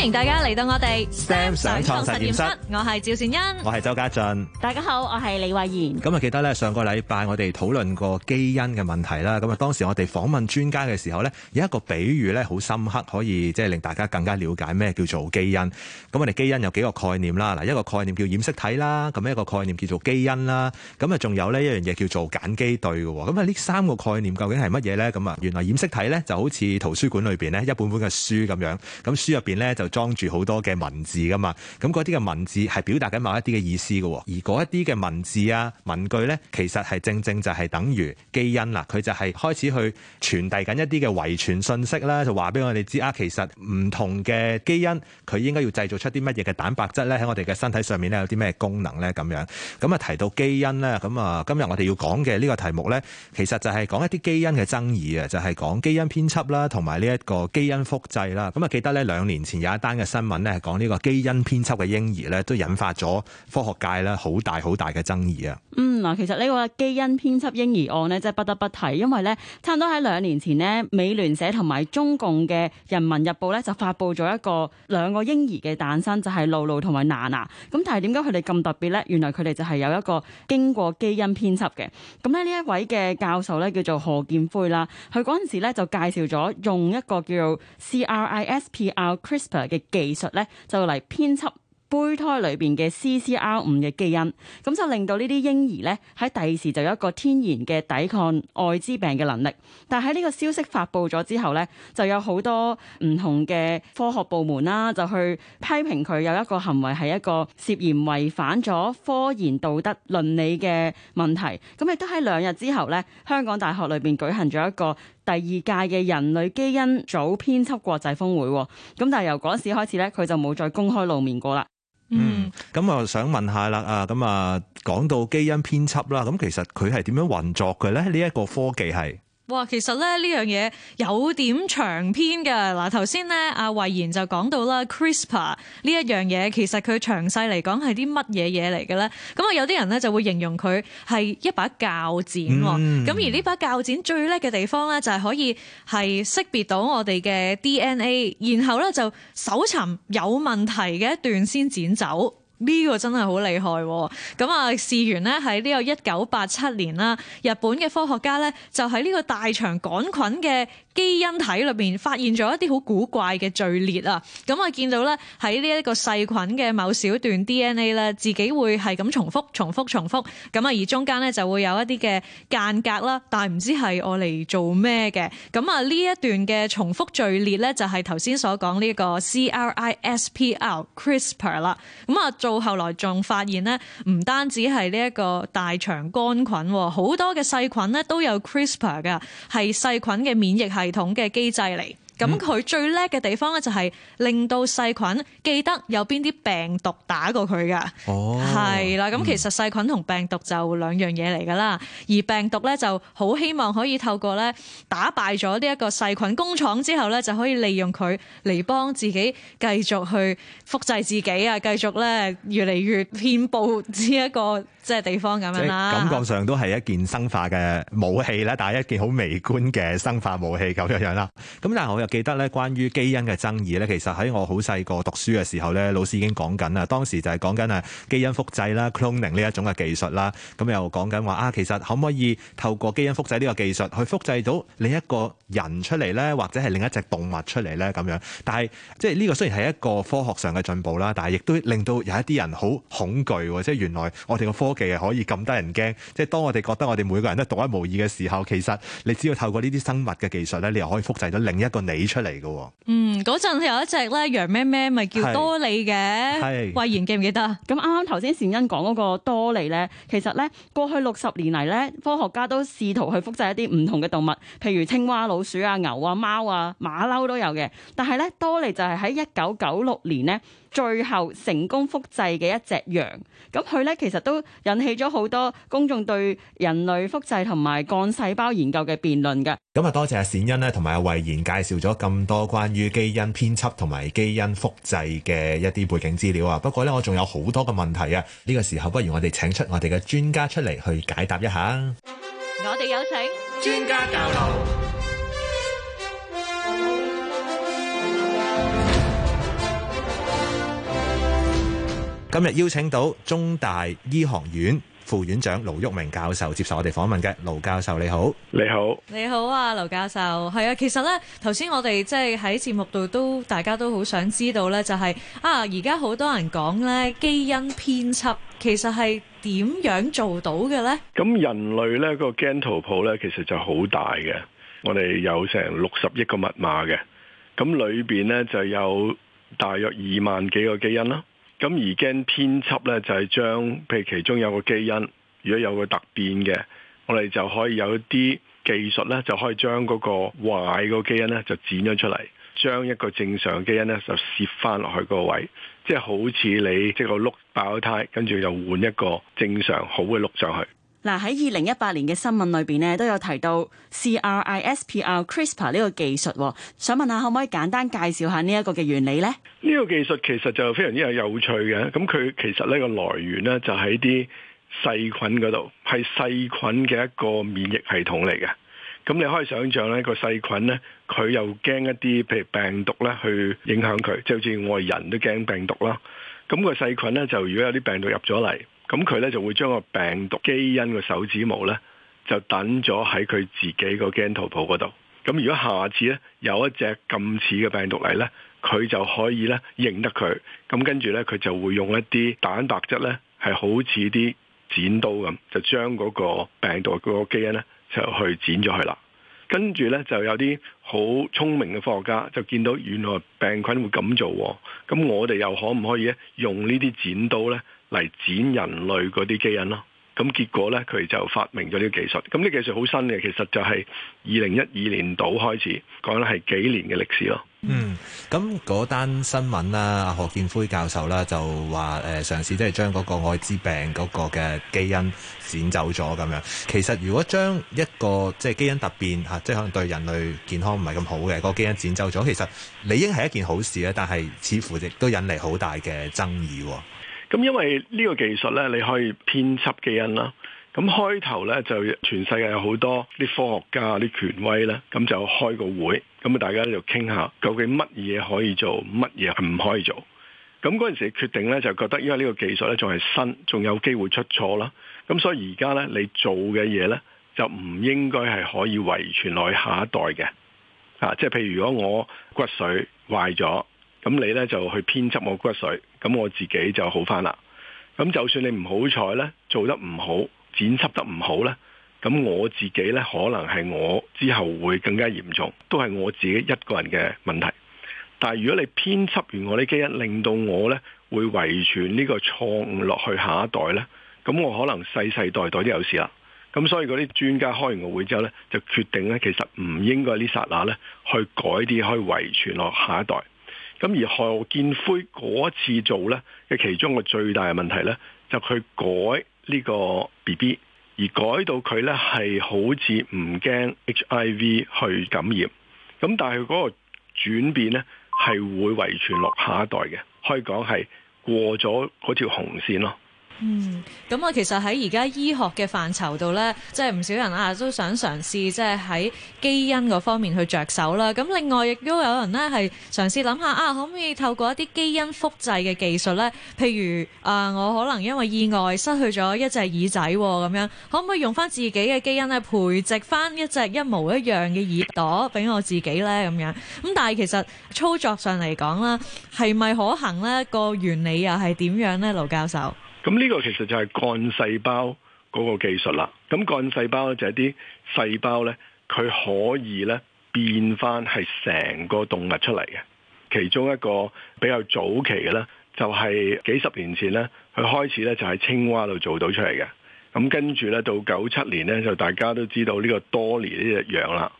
歡迎大家嚟到我哋 STEM 想創實驗室，我係趙善恩，我係周家俊，大家好，我係李慧賢。咁啊，記得咧上個禮拜我哋討論過基因嘅問題啦。咁啊，當時我哋訪問專家嘅時候呢，有一個比喻呢，好深刻，可以即係令大家更加了解咩叫做基因。咁我哋基因有幾個概念啦。嗱，一個概念叫染色體啦，咁一個概念叫做基因啦。咁啊，仲有呢一樣嘢叫做鹼基對嘅。咁啊，呢三個概念究竟係乜嘢呢？咁啊，原來染色體呢就好似圖書館裏邊咧一本本嘅書咁樣。咁書入邊呢，就裝住好多嘅文字噶嘛，咁嗰啲嘅文字係表達緊某一啲嘅意思嘅，而嗰一啲嘅文字啊、文句呢，其實係正正就係等於基因啦，佢就係開始去傳遞緊一啲嘅遺傳信息啦，就話俾我哋知啊，其實唔同嘅基因佢應該要製造出啲乜嘢嘅蛋白質呢？喺我哋嘅身體上面咧有啲咩功能呢？咁樣。咁、嗯、啊提到基因咧，咁、嗯、啊今日我哋要講嘅呢個題目呢，其實就係講一啲基因嘅爭議啊，就係、是、講基因編輯啦，同埋呢一個基因複製啦。咁、嗯、啊記得呢兩年前有單嘅新聞咧，講呢個基因編輯嘅嬰兒咧，都引發咗科學界咧好大好大嘅爭議啊！嗯，嗱，其實呢個基因編輯嬰兒案咧，即係不得不提，因為咧，差唔多喺兩年前咧，美聯社同埋中共嘅《人民日報》咧，就發布咗一個兩個嬰兒嘅誕生，就係、是、露露同埋娜娜。咁但係點解佢哋咁特別呢？原來佢哋就係有一個經過基因編輯嘅。咁咧呢一位嘅教授咧叫做何建輝啦，佢嗰陣時咧就介紹咗用一個叫 CRISPR CRISPR 嘅技術咧，就嚟編輯胚胎裏邊嘅 CCR5 嘅基因，咁就令到呢啲嬰兒咧喺第時就有一個天然嘅抵抗艾滋病嘅能力。但係喺呢個消息發布咗之後咧，就有好多唔同嘅科學部門啦、啊，就去批評佢有一個行為係一個涉嫌違反咗科研道德倫理嘅問題。咁亦都喺兩日之後咧，香港大學裏邊舉行咗一個。第二屆嘅人類基因組編輯國際峰會，咁但係由嗰時開始咧，佢就冇再公開露面過啦。嗯，咁啊想問下啦，啊咁啊講到基因編輯啦，咁其實佢係點樣運作嘅咧？呢一個科技係。哇，其實咧呢樣嘢有點長篇㗎。嗱，頭先咧阿慧賢就講到啦，CRISPR 呢一樣嘢，其實佢詳細嚟講係啲乜嘢嘢嚟嘅咧？咁啊，有啲人咧就會形容佢係一把鉸剪咁，嗯、而呢把鉸剪最叻嘅地方咧，就係可以係識別到我哋嘅 DNA，然後咧就搜尋有問題嘅一段先剪走。呢個真係好厲害，咁啊事緣呢喺呢個一九八七年啦，日本嘅科學家呢就喺呢個大腸桿菌嘅基因體裏面發現咗一啲好古怪嘅序列啊。咁、嗯、啊，見到咧喺呢一個細菌嘅某小段 DNA 咧，自己會係咁重複、重複、重複，咁啊，而中間咧就會有一啲嘅間隔啦。但係唔知係我嚟做咩嘅。咁、嗯、啊，呢一段嘅重複序列咧，就係頭先所講呢個 CRISPR、CRISPR 啦。咁、嗯、啊，到後來仲發現呢，唔單止係呢一個大腸桿菌，好多嘅細菌咧都有 CRISPR 嘅，係細菌嘅免疫系統系統嘅機制嚟。咁佢、嗯、最叻嘅地方咧，就係令到細菌記得有邊啲病毒打過佢噶，哦，係啦。咁其實細菌同病毒就兩樣嘢嚟噶啦。而病毒咧，就好希望可以透過咧打敗咗呢一個細菌工廠之後咧，就可以利用佢嚟幫自己繼續去複製自己啊，繼續咧越嚟越遍布。呢一個即係地方咁樣啦。感覺上都係一件生化嘅武器啦，但係一件好微觀嘅生化武器咁樣樣啦。咁但係我又。記得咧，關於基因嘅爭議咧，其實喺我好細個讀書嘅時候咧，老師已經講緊啦。當時就係講緊啊基因複製啦、cloning 呢一種嘅技術啦。咁又講緊話啊，其實可唔可以透過基因複製呢個技術去複製到另一個人出嚟咧，或者係另一隻動物出嚟咧咁樣？但係即係呢個雖然係一個科學上嘅進步啦，但係亦都令到有一啲人好恐懼。即係原來我哋嘅科技係可以咁得人驚。即係當我哋覺得我哋每個人都獨一無二嘅時候，其實你只要透過呢啲生物嘅技術咧，你就可以複製到另一個你。出嚟嘅，嗯，嗰陣有一隻咧羊咩咩，咪，咪叫多利嘅，慧妍記唔記得？咁啱啱頭先善恩講嗰個多利咧，其實咧過去六十年嚟咧，科學家都試圖去複製一啲唔同嘅動物，譬如青蛙、老鼠啊、牛啊、貓啊、馬騮都有嘅，但係咧多利就係喺一九九六年咧，最後成功複製嘅一隻羊，咁佢咧其實都引起咗好多公眾對人類複製同埋幹細胞研究嘅辯論㗎。咁啊，多謝阿冼恩咧，同埋阿慧賢介紹咗咁多關於基因編輯同埋基因複製嘅一啲背景資料啊。不過呢，我仲有好多嘅問題啊。呢個時候，不如我哋請出我哋嘅專家出嚟去解答一下。我哋有請專家教導。今日邀請到中大醫學院副院長盧煜明教授接受我哋訪問嘅。盧教授你好。你好，你好啊，盧教授。係啊，其實呢，頭先我哋即係喺節目度都大家都好想知道呢，就係啊，而家好多人講呢基因編輯，其實係點樣做到嘅呢？咁人類呢個基因圖譜呢，其實就好大嘅，我哋有成六十億個密碼嘅，咁裏邊呢就有大約二萬幾個基因咯。咁而家編輯咧就係將，譬如其中有個基因，如果有個突變嘅，我哋就可以有啲技術咧，就可以將嗰個壞個基因咧就剪咗出嚟，將一個正常基因咧就攝翻落去個位，即係好似你即係個轆爆胎，跟住又換一個正常好嘅轆上去。嗱，喺二零一八年嘅新聞裏邊咧，都有提到 C R I S P R CRISPR 呢個技術，哦，想問下可唔可以簡單介紹下呢一個嘅原理咧？呢個技術其實就非常之有趣嘅，咁佢其實呢個來源呢，就喺啲細菌嗰度，係細菌嘅一個免疫系統嚟嘅。咁你可以想象咧，個細菌呢，佢又驚一啲譬如病毒咧去影響佢，就好似我人都驚病毒啦。咁、個細菌呢，就如果有啲病毒入咗嚟。咁佢咧就會將個病毒基因個手指模咧，就等咗喺佢自己個基因圖譜嗰度。咁如果下次咧有一隻咁似嘅病毒嚟咧，佢就可以咧認得佢。咁跟住咧，佢就會用一啲蛋白質咧，係好似啲剪刀咁，就將嗰個病毒個基因咧就去剪咗佢啦。跟住咧就有啲好聰明嘅科學家就見到原來病菌會咁做，咁我哋又可唔可以咧用呢啲剪刀咧？嚟剪人類嗰啲基因咯，咁結果咧佢就發明咗呢個技術。咁呢個技術好新嘅，其實就係二零一二年度開始，講緊係幾年嘅歷史咯。嗯，咁嗰單新聞啦，賀建奎教授啦就話誒、呃、嘗試即係將嗰個愛滋病嗰個嘅基因剪走咗咁樣。其實如果將一個即係、就是、基因突變嚇，即、就、係、是、可能對人類健康唔係咁好嘅、那個基因剪走咗，其實理應係一件好事咧。但係似乎亦都引嚟好大嘅爭議。咁因為呢個技術呢，你可以編輯基因啦。咁開頭呢，就全世界有好多啲科學家、啲權威咧，咁就開個會，咁啊大家咧就傾下，究竟乜嘢可以做，乜嘢唔可以做。咁嗰陣時嘅決定呢，就覺得因為呢個技術呢，仲係新，仲有機會出錯啦。咁所以而家呢，你做嘅嘢呢，就唔應該係可以遺傳落去下一代嘅。啊，即係譬如如果我骨髓壞咗。咁你呢就去編輯我骨髓，咁我自己就好翻啦。咁就算你唔好彩呢，做得唔好，剪輯得唔好呢，咁我自己呢，可能係我之後會更加嚴重，都係我自己一個人嘅問題。但係如果你編輯完我啲基因，令到我呢會遺傳呢個錯誤落去下一代呢，咁我可能世世代代都有事啦。咁所以嗰啲專家開完個會之後呢，就決定呢，其實唔應該呢剎那呢去改啲可以遺傳落下，下一代。咁而賀建奎一次做咧嘅其中個最大嘅問題咧，就佢、是、改呢個 B B，而改到佢咧係好似唔驚 H I V 去感染，咁但係嗰個轉變咧係會遺傳落下一代嘅，可以講，係過咗嗰條紅線咯。嗯，咁我其實喺而家醫學嘅範疇度呢，即係唔少人啊都想嘗試，即係喺基因嗰方面去着手啦。咁另外亦都有人呢係嘗試諗下啊，可唔可以透過一啲基因複製嘅技術呢？譬如啊、呃，我可能因為意外失去咗一隻耳仔咁、啊、樣，可唔可以用翻自己嘅基因咧培植翻一隻一模一樣嘅耳朵俾我自己呢？咁樣咁、嗯，但係其實操作上嚟講啦，係咪可行呢？個原理又係點樣呢？盧教授。咁呢個其實就係幹細胞嗰個技術啦。咁幹細胞咧就係啲細胞咧，佢可以咧變翻係成個動物出嚟嘅。其中一個比較早期嘅咧，就係、是、幾十年前咧，佢開始咧就喺青蛙度做到出嚟嘅。咁跟住咧到九七年咧，就大家都知道呢個多年呢隻羊啦。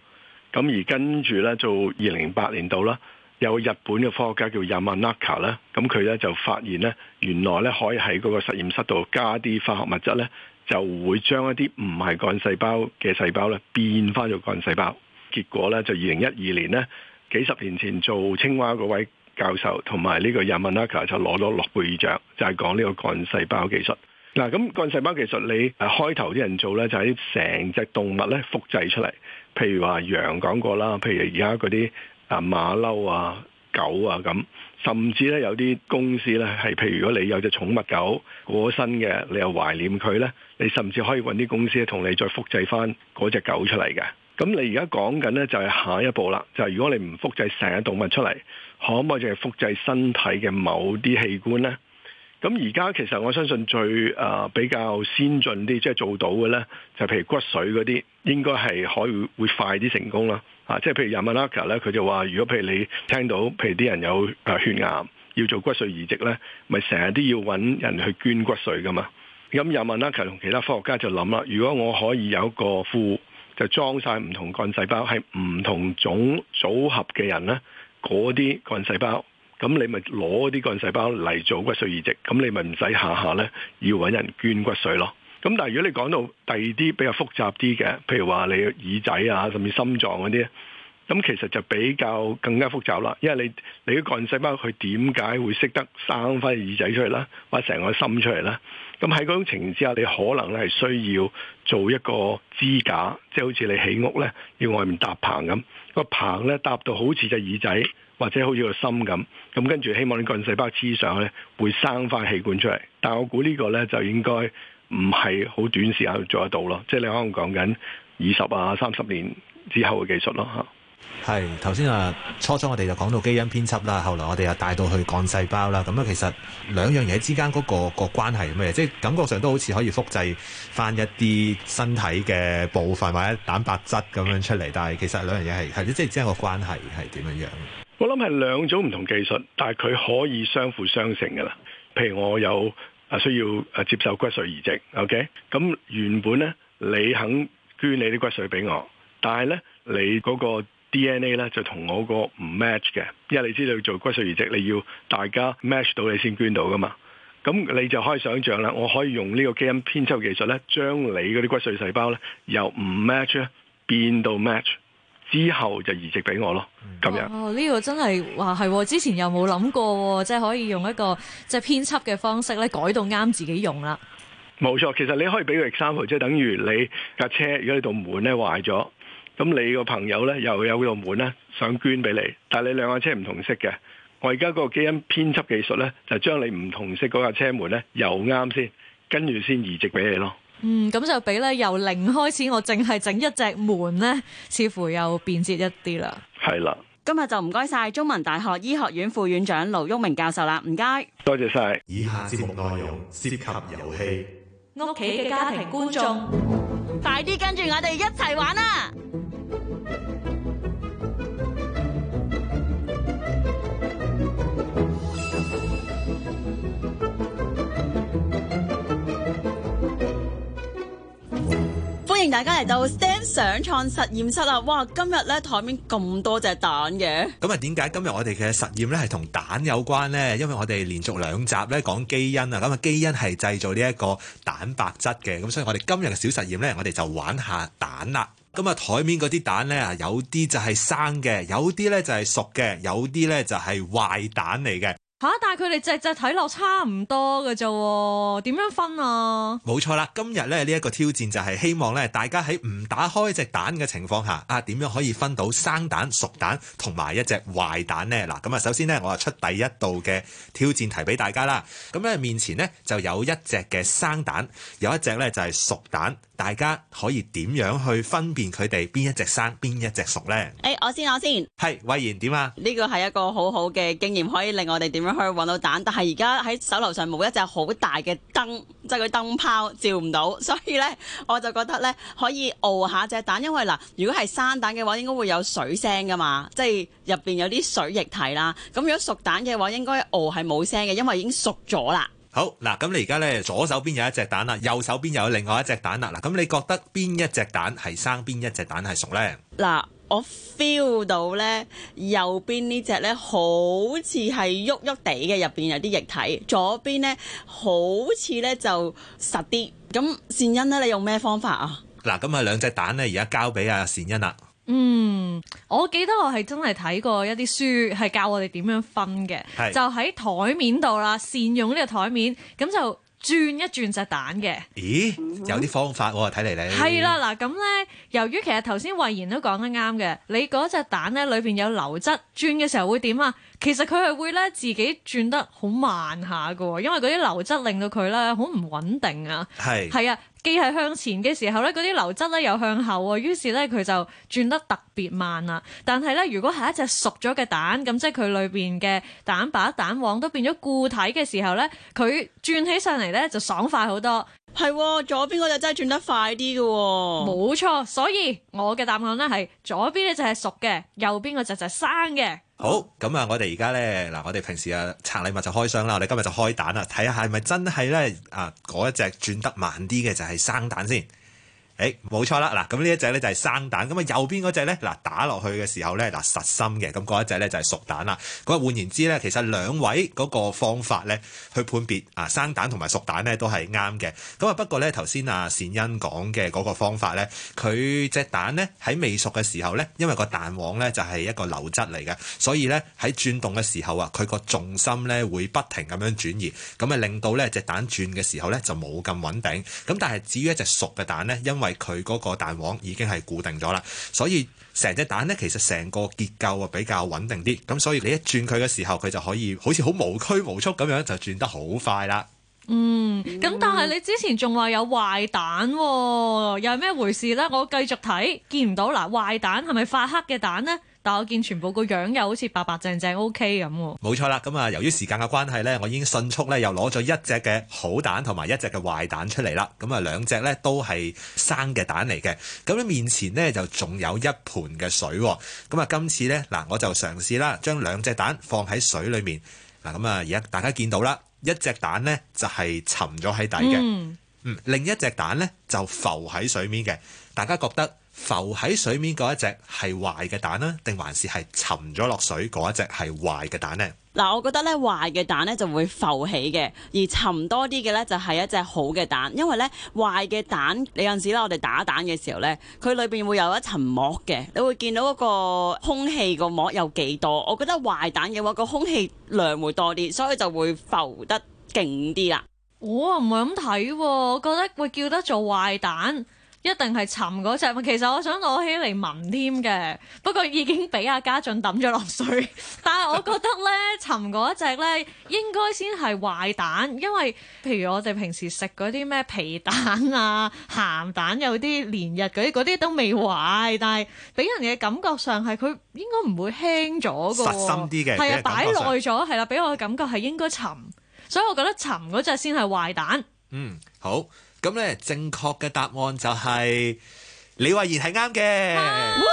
咁而跟住咧做二零零八年度啦。有日本嘅科學家叫 Yamanaka 咧，咁佢咧就發現咧，原來咧可以喺嗰個實驗室度加啲化學物質咧，就會將一啲唔係幹細胞嘅細胞咧變翻咗幹細胞。結果咧就二零一二年咧，幾十年前做青蛙嗰位教授同埋呢個 Yamanaka 就攞咗諾貝爾獎，就係講呢個幹細胞技術。嗱，咁幹細胞技術你開頭啲人做咧，就喺成隻動物咧複製出嚟，譬如話羊講過啦，譬如而家嗰啲。啊馬騮啊狗啊咁，甚至咧有啲公司咧係，譬如如果你有隻寵物狗過身嘅，你又懷念佢咧，你甚至可以揾啲公司同你再複製翻嗰隻狗出嚟嘅。咁你而家講緊咧就係下一步啦，就係、是，如果你唔複製成隻動物出嚟，可唔可以淨係複製身體嘅某啲器官呢？咁而家其實我相信最啊、呃、比較先進啲，即、就、係、是、做到嘅呢，就是、譬如骨髓嗰啲，應該係可以會快啲成功啦。啊，即係譬如 Yamanaka 咧，佢就話：如果譬如你聽到，譬如啲人有誒血癌，要做骨髓移植咧，咪成日都要揾人去捐骨髓噶嘛。咁 Yamanaka 同其他科學家就諗啦：如果我可以有一個庫，就裝晒唔同幹細胞，係唔同種組合嘅人咧，嗰啲幹細胞，咁你咪攞啲幹細胞嚟做骨髓移植，咁你咪唔使下下咧要揾人捐骨髓咯。咁但係如果你講到第二啲比較複雜啲嘅，譬如話你耳仔啊，甚至心臟嗰啲，咁其實就比較更加複雜啦。因為你你啲幹細胞佢點解會識得生翻耳仔出嚟啦，或者成個心出嚟啦？咁喺嗰種情形之下，你可能咧係需要做一個支架，即係好似你起屋咧要外面搭棚咁，個棚咧搭到好似隻耳仔或者好似個心咁，咁跟住希望你啲幹細胞黐上去咧會生翻器官出嚟。但我估呢個咧就應該唔係好短時間做得到咯，即係你可能講緊二十啊三十年之後嘅技術咯嚇。係頭先啊，初初我哋就講到基因編輯啦，後來我哋又帶到去幹細胞啦。咁啊，其實兩樣嘢之間嗰個、嗰個關係係咩嘢？即係感覺上都好似可以複製返一啲身體嘅部分或者蛋白質咁樣出嚟，但係其實兩樣嘢係係即係即係個關係係點樣樣？我諗係兩種唔同技術，但係佢可以相輔相成嘅啦。譬如我有。啊，需要啊接受骨髓移植，OK？咁原本呢，你肯捐你啲骨髓俾我，但係呢，你嗰個 DNA 呢，就同我個唔 match 嘅，因為你知道做骨髓移植你要大家 match 到你先捐到噶嘛，咁你就可以想象啦，我可以用呢個基因編輯技術呢，將你嗰啲骨髓細胞呢，由唔 match 變到 match。之後就移植俾我咯，咁樣哦呢個真係話係，之前又冇諗過，即係可以用一個即係編輯嘅方式咧，改到啱自己用啦。冇錯，其實你可以俾個 example，即係等於你架車如果呢度門咧壞咗，咁你個朋友咧又有度門咧想捐俾你，但係你兩架車唔同色嘅，我而家個基因編輯技術咧就將你唔同色嗰架車門咧又啱先，跟住先移植俾你咯。嗯，咁就比咧由零開始，我淨係整一隻門咧，似乎又便捷一啲啦。係啦，今日就唔該晒中文大學醫學院副院長盧煜明教授啦，唔該。多謝晒。以下節目內容涉及遊戲，屋企嘅家庭觀眾，觀眾快啲跟住我哋一齊玩啦！歡迎大家嚟到 STEM 想創實驗室啦！哇，今日咧台面咁多隻蛋嘅，咁啊，點解今日我哋嘅實驗咧係同蛋有關呢？因為我哋連續兩集咧講基因啊，咁啊基因係製造呢一個蛋白質嘅，咁所以我哋今日嘅小實驗呢，我哋就玩下蛋啦。咁啊台面嗰啲蛋呢，有啲就係生嘅，有啲呢就係熟嘅，有啲呢就係壞蛋嚟嘅。吓、啊！但係佢哋隻隻睇落差唔多嘅啫，點樣分啊？冇錯啦，今日咧呢一個挑戰就係希望咧大家喺唔打開隻蛋嘅情況下，啊點樣可以分到生蛋、熟蛋同埋一隻壞蛋呢？嗱，咁啊，首先呢，我啊出第一道嘅挑戰題俾大家啦。咁咧面前呢，就有一隻嘅生蛋，有一隻呢就係熟蛋。大家可以點樣去分辨佢哋邊一隻生，邊一隻熟呢？誒，我先我先，係慧賢點啊？呢個係一個好好嘅經驗，可以令我哋點樣去揾到蛋。但係而家喺手樓上冇一隻好大嘅燈，即係個燈泡照唔到，所以呢我就覺得呢可以搖下隻蛋，因為嗱，如果係生蛋嘅話，應該會有水聲噶嘛，即係入邊有啲水液體啦。咁如果熟蛋嘅話，應該搖係冇聲嘅，因為已經熟咗啦。好嗱，咁你而家咧左手邊有一隻蛋啦，右手邊又有另外一隻蛋啦。嗱，咁你覺得邊一隻蛋係生，邊一隻蛋係熟呢？嗱，我 feel 到呢，右邊呢隻呢好似係喐喐地嘅，入邊有啲液體；左邊呢好似呢就實啲。咁善恩呢，你用咩方法啊？嗱，咁啊，兩隻蛋呢，而家交俾阿善恩啦。嗯，我記得我係真係睇過一啲書，係教我哋點樣分嘅，是就喺台面度啦，善用呢個台面，咁就轉一轉隻蛋嘅。咦，有啲方法喎，啊，睇嚟你係啦，嗱，咁呢，由於其實頭先慧賢都講得啱嘅，你嗰隻蛋呢裏邊有流質，轉嘅時候會點啊？其實佢係會咧自己轉得好慢下㗎，因為嗰啲流質令到佢咧好唔穩定啊。係係啊，既係向前嘅時候咧，嗰啲流質咧又向後喎，於是咧佢就轉得特別慢啦。但係咧，如果係一隻熟咗嘅蛋，咁即係佢裏邊嘅蛋白蛋黃都變咗固體嘅時候咧，佢轉起上嚟咧就爽快好多。係左邊嗰隻真係轉得快啲嘅，冇錯。所以我嘅答案咧係左邊呢隻就係熟嘅，右邊嗰隻就係生嘅。好，咁啊，我哋而家咧嗱，我哋平時啊拆禮物就開箱啦，我哋今日就開蛋啦，睇下係咪真係咧啊嗰一隻轉得慢啲嘅就係生蛋先。誒，冇錯啦，嗱，咁呢一隻呢就係生蛋，咁啊右邊嗰隻呢，嗱打落去嘅時候呢，嗱實心嘅，咁嗰一隻呢就係熟蛋啦。咁啊換言之呢，其實兩位嗰個方法呢去判別啊生蛋同埋熟蛋呢都係啱嘅。咁啊不過呢，頭先阿善恩講嘅嗰個方法呢，佢隻蛋呢喺未熟嘅時候呢，因為個蛋黃呢就係一個流質嚟嘅，所以呢，喺轉動嘅時候啊，佢個重心呢會不停咁樣轉移，咁啊令到呢隻蛋轉嘅時候呢就冇咁穩定。咁但係至於一隻熟嘅蛋呢，因為佢嗰個蛋黃已經係固定咗啦，所以成隻蛋呢其實成個結構啊比較穩定啲，咁所以你一轉佢嘅時候，佢就可以好似好無拘無束咁樣就轉得好快啦。嗯，咁但係你之前仲話有壞蛋，哦，又係咩回事呢？我繼續睇，見唔到嗱，壞蛋係咪發黑嘅蛋呢？但我見全部個樣又好似白白淨淨，O K 咁。冇錯啦，咁啊，由於時間嘅關係呢，我已經迅速呢又攞咗一隻嘅好蛋同埋一隻嘅壞蛋出嚟啦。咁啊，兩隻呢都係生嘅蛋嚟嘅。咁你面前呢就仲有一盤嘅水。咁啊，今次呢，嗱，我就嘗試啦，將兩隻蛋放喺水裏面。嗱，咁啊，而家大家見到啦，一隻蛋呢就係沉咗喺底嘅，嗯，另一隻蛋呢就浮喺水面嘅。大家覺得？浮喺水面嗰一隻係壞嘅蛋呢？定還是係沉咗落水嗰一隻係壞嘅蛋呢？嗱，我覺得咧壞嘅蛋咧就會浮起嘅，而沉多啲嘅咧就係一隻好嘅蛋，因為咧壞嘅蛋你有陣時咧我哋打蛋嘅時候咧，佢裏邊會有一層膜嘅，你會見到嗰個空氣個膜有幾多，我覺得壞蛋嘅話個空氣量會多啲，所以就會浮得勁啲啦。我啊唔係咁睇，我覺得會叫得做壞蛋。一定係沉嗰隻，其實我想攞起嚟聞添嘅，不過已經俾阿家俊抌咗落水。但係我覺得呢，沉嗰隻呢應該先係壞蛋，因為譬如我哋平時食嗰啲咩皮蛋啊、鹹蛋，有啲連日嗰啲啲都未壞，但係俾人嘅感覺上係佢應該唔會輕咗嘅，實心啲嘅，係啊，擺耐咗，係啦，俾我嘅感覺係應該沉，所以我覺得沉嗰隻先係壞蛋。嗯，好。咁咧，正確嘅答案就係李慧怡係啱嘅。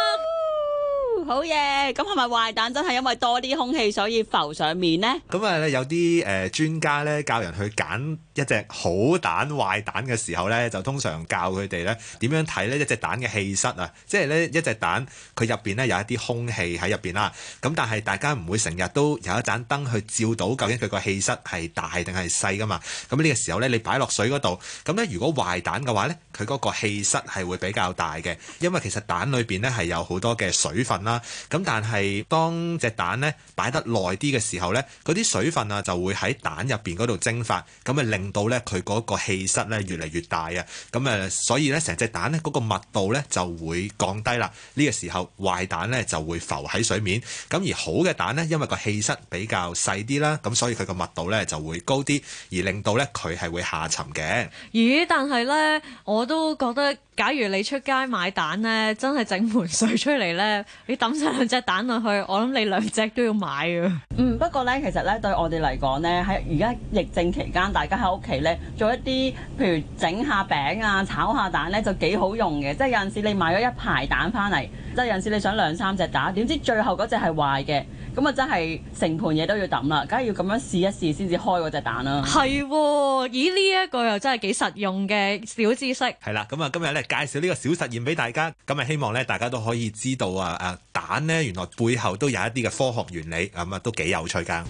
好嘢，咁係咪壞蛋真係因為多啲空氣，所以浮上面咧？咁啊咧，有啲誒專家咧教人去揀一隻好蛋壞蛋嘅時候咧，就通常教佢哋咧點樣睇咧一隻蛋嘅氣室啊，即係咧一隻蛋佢入邊咧有一啲空氣喺入邊啦。咁但係大家唔會成日都有一盞燈去照到究竟佢個氣室係大定係細噶嘛？咁呢個時候咧，你擺落水度，咁咧如果壞蛋嘅話咧，佢個氣室係會比較大嘅，因為其實蛋裏邊咧係有好多嘅水分啦，啊。咁但係當隻蛋咧擺得耐啲嘅時候呢，嗰啲水分啊就會喺蛋入邊嗰度蒸發，咁啊令到呢佢嗰個氣室呢越嚟越大啊，咁啊所以呢，成隻蛋呢嗰個密度呢就會降低啦。呢個時候，壞蛋呢就會浮喺水面，咁而好嘅蛋呢，因為個氣室比較細啲啦，咁所以佢個密度呢就會高啲，而令到呢佢係會下沉嘅。咦？但係呢，我都覺得，假如你出街買蛋呢，真係整盆水出嚟呢。抌曬兩隻蛋落去，我諗你兩隻都要買啊！嗯，不過呢，其實呢，對我哋嚟講呢，喺而家疫症期間，大家喺屋企呢做一啲，譬如整下餅啊、炒下蛋呢，就幾好用嘅。即係有陣時你買咗一排蛋翻嚟，即係有陣時你想兩三隻蛋，點知最後嗰隻係壞嘅。咁啊，就真係成盤嘢都要揼啦，梗係要咁樣試一試先至開嗰隻蛋啦，啊。係喎，咦呢一個又真係幾實用嘅小知識。係啦，咁啊今日咧介紹呢個小實驗俾大家，咁啊希望咧大家都可以知道啊啊蛋咧原來背後都有一啲嘅科學原理，咁、嗯、啊都幾有趣噶。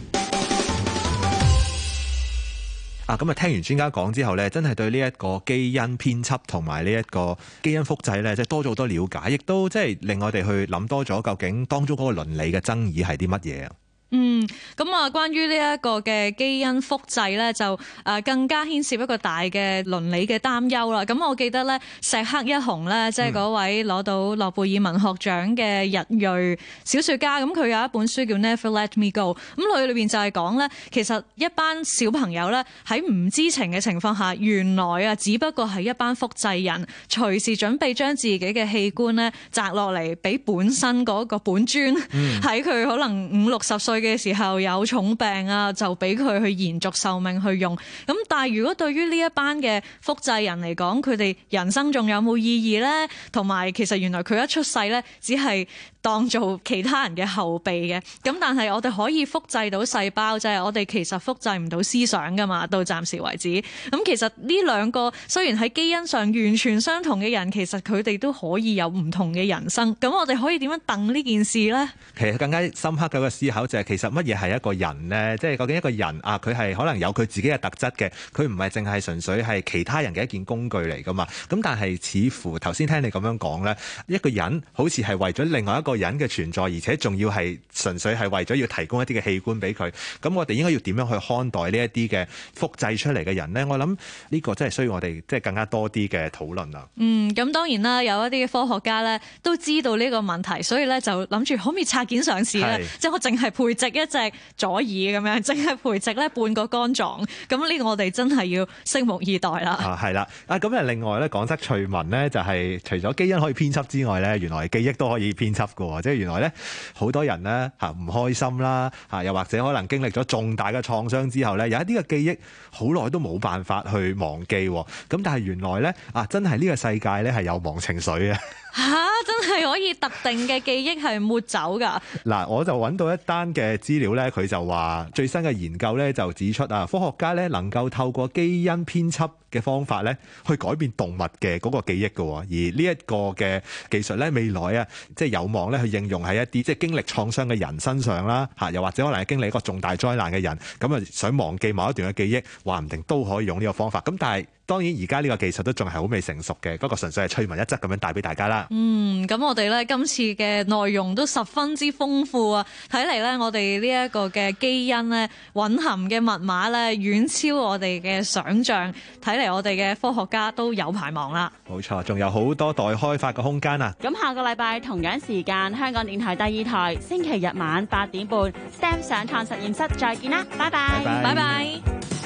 啊，咁啊，聽完專家講之後咧，真係對呢一個基因編輯同埋呢一個基因複製咧，即係多咗好多了解，亦都即係令我哋去諗多咗究竟當中嗰個倫理嘅爭議係啲乜嘢啊？嗯，咁啊，關於呢一個嘅基因複製咧，就誒更加牽涉一個大嘅倫理嘅擔憂啦。咁我記得咧，石黑一雄咧，即係嗰位攞到諾貝爾文學獎嘅日裔小說家，咁佢有一本書叫《Never Let Me Go》。咁佢裏面就係講咧，其實一班小朋友咧喺唔知情嘅情況下，原來啊，只不過係一班複製人，隨時準備將自己嘅器官咧摘落嚟俾本身個本尊喺佢、嗯、 可能五六十歲嘅時候有重病啊，就俾佢去延續壽命去用。咁但係如果對於呢一班嘅複製人嚟講，佢哋人生仲有冇意義呢？同埋，其實原來佢一出世呢，只係當做其他人嘅後備嘅。咁但係我哋可以複製到細胞，就係、是、我哋其實複製唔到思想噶嘛，到暫時為止。咁其實呢兩個雖然喺基因上完全相同嘅人，其實佢哋都可以有唔同嘅人生。咁我哋可以點樣等呢件事呢？其實更加深刻嘅一個思考就係、是。其實乜嘢係一個人呢？即係究竟一個人啊，佢係可能有佢自己嘅特質嘅，佢唔係淨係純粹係其他人嘅一件工具嚟㗎嘛？咁但係似乎頭先聽你咁樣講呢，一個人好似係為咗另外一個人嘅存在，而且仲要係純粹係為咗要提供一啲嘅器官俾佢。咁我哋應該要點樣去看待呢一啲嘅複製出嚟嘅人呢？我諗呢個真係需要我哋即係更加多啲嘅討論啦。嗯，咁當然啦，有一啲科學家呢都知道呢個問題，所以呢就諗住可唔可以拆件上市呢？是即係我淨係配。植一隻左耳咁樣，即係培植咧半個肝臟。咁呢個我哋真係要拭目以待啦。啊，係啦。啊，咁誒，另外咧，講得趣聞咧，就係除咗基因可以編輯之外咧，原來記憶都可以編輯嘅。即係原來咧，好多人咧嚇唔開心啦嚇，又或者可能經歷咗重大嘅創傷之後咧，有一啲嘅記憶好耐都冇辦法去忘記。咁但係原來咧啊，真係呢個世界咧係有忘情水啊！吓，真係可以特定嘅記憶係抹走㗎？嗱，我就揾到一單嘅資料呢，佢就話最新嘅研究呢就指出啊，科學家呢能夠透過基因編輯嘅方法呢去改變動物嘅嗰個記憶㗎，而呢一個嘅技術呢，未來啊，即係有望呢去應用喺一啲即係經歷創傷嘅人身上啦，嚇、啊，又或者可能係經歷一個重大災難嘅人，咁啊想忘記某一段嘅記憶，話唔定都可以用呢個方法。咁但係。當然，而家呢個技術都仲係好未成熟嘅，嗰個純粹係趣聞一則咁樣帶俾大家啦。嗯，咁我哋呢，今次嘅內容都十分之豐富啊！睇嚟呢，我哋呢一個嘅基因呢，蘊含嘅密碼呢，遠超我哋嘅想像。睇嚟，我哋嘅科學家都有排忙啦。冇錯，仲有好多待開發嘅空間啊！咁下個禮拜同樣時間，香港電台第二台星期日晚八點半，STEM 上創實驗室，再見啦，拜拜，拜拜。